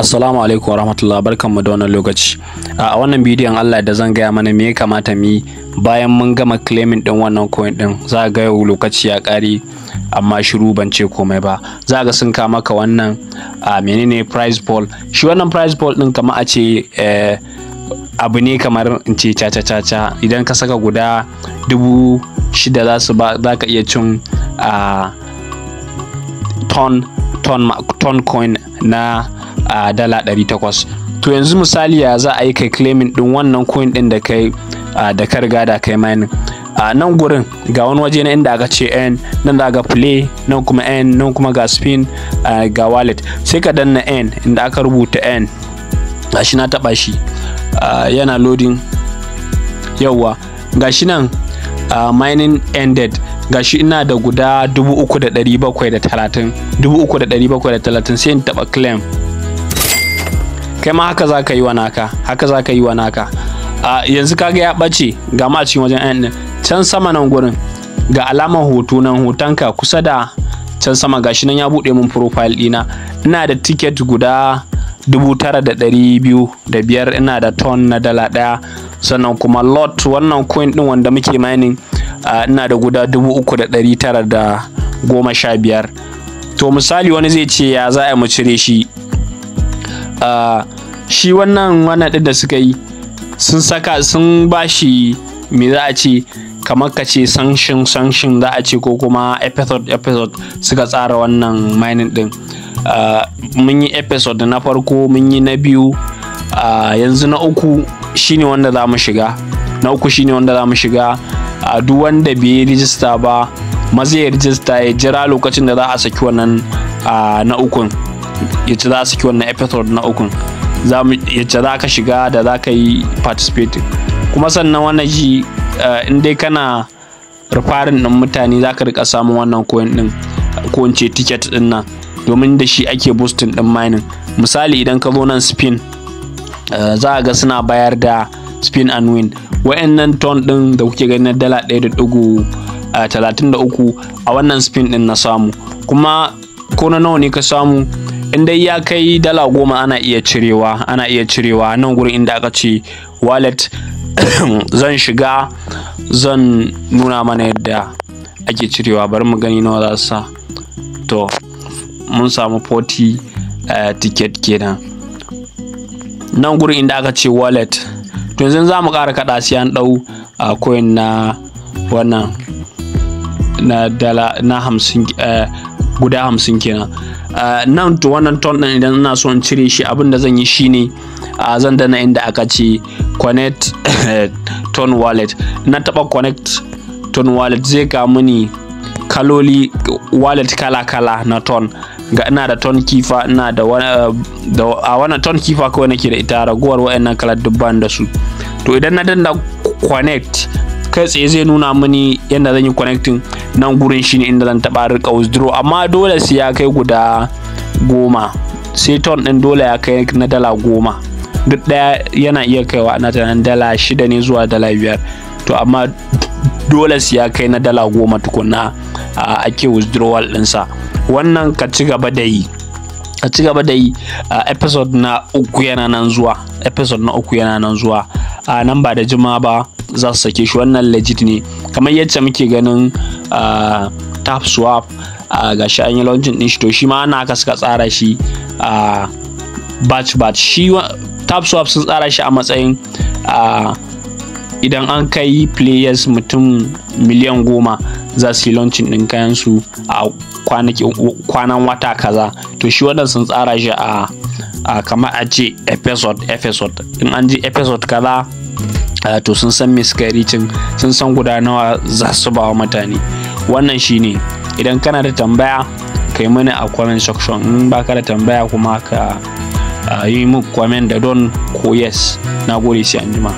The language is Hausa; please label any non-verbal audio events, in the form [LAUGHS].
Assalamu alaikum warahmatullahi mu da wannan lokaci. A wannan bidiyon Allah da zan gaya mana me ya kamata mu yi bayan mun gama claiming din wannan coin din. Za ga yau lokaci ya kare amma shiru ban ce komai ba. Za ga sun kama ka wannan a menene price ball? Shi wannan price ball din kamar a ce eh, abu ne kamar in ce caca caca idan ka saka guda dubu shida za su ba za ka iya cin a ton ton ton coin na a dala 800 to yanzu misali ya za a yi kai claimin din wannan coin din da kai da ka da kai mining a nan gurin ga wani waje na inda aka ce n nan da ga play nan kuma n nan kuma ga spin ga wallet sai ka danna n inda aka rubuta n gashi na taba shi yana loading yauwa gashi nan mining ended gashi ina da guda 3,730 sai in taba claim kai ma haka za ka yi wa naka haka za ka yi wa naka a yanzu ka ga ya ɓace ga ma a cikin wajen ayan can sama nan gurin ga alamar hoto nan hotonka kusa da can sama gashi nan ya buɗe min profile ɗina ina da ticket guda dubu tara da ɗari biyu da biyar ina da ton na dala ɗaya sannan kuma lot wannan coin ɗin wanda muke mining ina da guda dubu uku da ɗari tara da goma sha biyar to misali wani zai ce ya za a mu cire shi shi wannan wana ɗin da suka yi sun saka sun ba shi me za a ce kamar ka ce sanshin-sanshin za a ce ko kuma episode episode suka tsara wannan mining ɗin ah, mun yi episode na farko mun yi na biyu ah, yanzu na uku shine wanda za mu shiga na uku shine wanda za mu shiga a ah, duk wanda bai yi rijista ba maza ya rijista ya jira lokacin da za a saki wannan na ukun ya ci za a saki wannan episode na ukun Yace za ka shiga da za ka yi participating kuma sannan wannan shi eh, in dai kana rufarin ɗin mutane za ka rika samun wannan coin ɗin ko ce ticket ɗin nan domin da shi ake boosting ɗin mining misali idan ka zo nan spin eh, za a ga suna bayar da spin and win wa'annan ton ɗin da kuke gani na dala ɗaya da ɗigo eh, talatin da uku a wannan spin ɗin na samu kuma ko na nawa ne ka samu in dai ya kai dala goma ana iya cirewa ana iya cirewa nan gurin inda aka ce wallet [COUGHS] zan shiga zan nuna mana yadda ake cirewa bari mu gani nawa za sa to mun samu 40 uh, eh, ticket kenan nan gurin inda aka ce wallet to yanzu za mu ƙara kada sai an ɗau a coin na wannan na dala na hamsin uh, guda hamsin kenan ah, nan to wannan ton ɗin idan ina son cire shi abin da zan yi shi shine ah, zan dana inda aka ce connect [LAUGHS] ton wallet na taɓa connect ton wallet zai ga mini kaloli wallet kala-kala na ton ga ina da ton kifa ina da ah, a wannan ton kifa kawai nake da ita raguwar waɗannan kalar dubban da su to idan na danna connect kai tsaye zai nuna mini yadda zan yi connecting nan gurin shi ne inda zan taɓa rika withdraw amma dole sai ya kai guda goma sai ton ɗin dole ya kai na dala goma duk ɗaya yana iya kaiwa na tunanin dala shida ne zuwa dala biyar to amma dole sai ya kai na dala goma tukuna a ake withdrawal ɗinsa wannan ka ci gaba da yi a ci gaba da yi a episode na uku yana nan zuwa episode na uku yana nan zuwa a nan ba da juma'a ba za su sake shi wannan legit ne kamar yadda muke ganin tap swap ga shi an yi launching din shi to shi ma ana haka suka tsara shi a batch batch shi tap swap sun tsara shi a matsayin idan an kai players mutum miliyan goma za su yi launching din kayan su a kwanan wata kaza to shi wannan sun tsara shi a kamar a ce episode episode in an ji episode kaza Eh, to sun san me suka ricin sun san guda nawa za su ba wa mutane wannan shine idan kana da tambaya kai mana a comment section in ka da tambaya kuma ka eh, yi mu comment da don ko yes na gode sai anjima